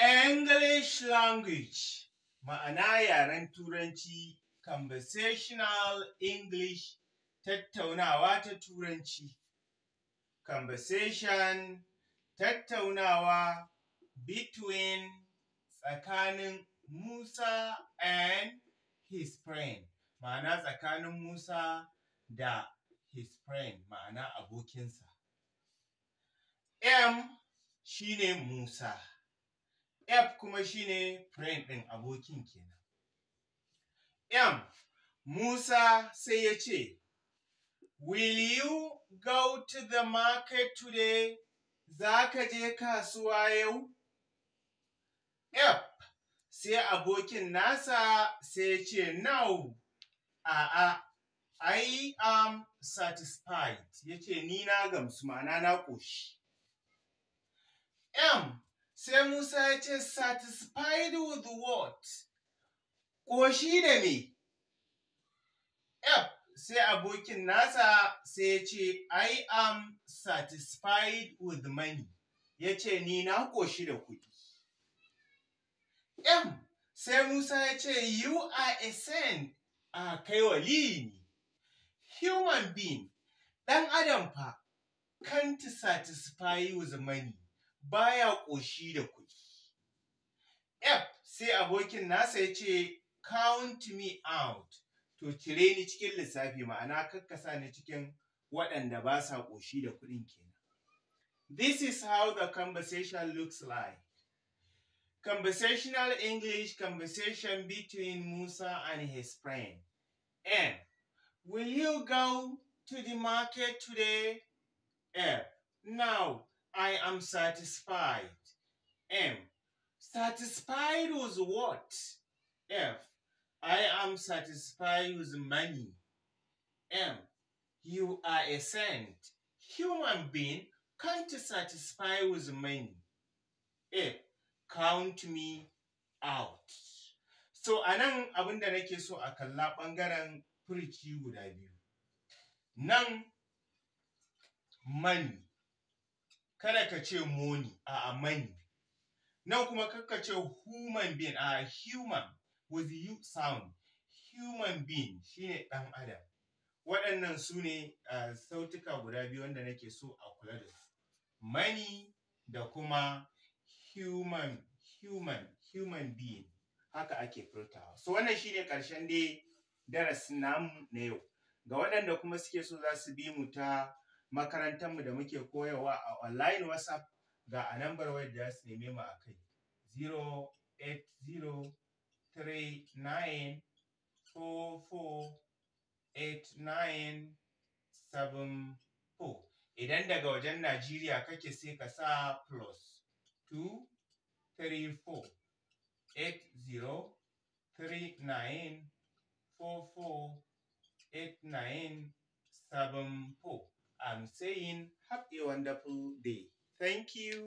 English language ma'ana yaren Turanci conversational English tattaunawa ta Turanci conversation tattaunawa between tsakanin Musa and his friend ma'ana tsakanin Musa da his friend ma'ana abokinsa M shine Musa F kuma shine friend ɗin abokin kenan. M Musa sai ya ce, Will you go to the market today? Za ka je kasuwa yau? F sai abokin nasa sai ya ce, No, a'a, I am satisfied, ya ce, Ni gamsu, ma'ana na ƙoshi. sai Musa ya ce satisfied with what? Ƙoshi da me? F sai abokin nasa sai ya ce I am satisfied with money. Ya ce ni na ƙoshi da kuɗi. M sai Musa ya ce you are a saint a kai ne. Human being, ɗan adam fa, can't satisfy with money. baya ƙoshi da kuɗi. F sai abokin nasa ya ce count me out to cire ni cikin lissafi ma'ana kakkasa ni cikin waɗanda ba sa ƙoshi da kuɗin kenan. This is how the conversation looks like. Conversational English conversation between Musa and his friend. M. Will you go to the market today? F. No, I am satisfied. M. Satisfied with what? F. I am satisfied with money. M. You are a saint. Human being can't satisfy with money. A. Count me out. So a nan abin da nake so a kalla ɓangaren furici guda biyu. Nan money kada ka ce moni a mani nan kuma kakka ce human being a human with you sound human being shine ɗan adam waɗannan su ne sautuka guda biyu wanda nake so a kula da su mani da kuma human human human being haka ake furtawa so wannan shine karshen dai darasin namu na yau ga waɗanda kuma suke so za su bi mu ta makarantar mu da muke koyawa a online whatsapp ga a nambar wayar da su neme mu a kai 08039448974 idan daga wajen najeriya kake sai ka sa plus 234 8039448974 I'm saying happy wonderful day. Thank you.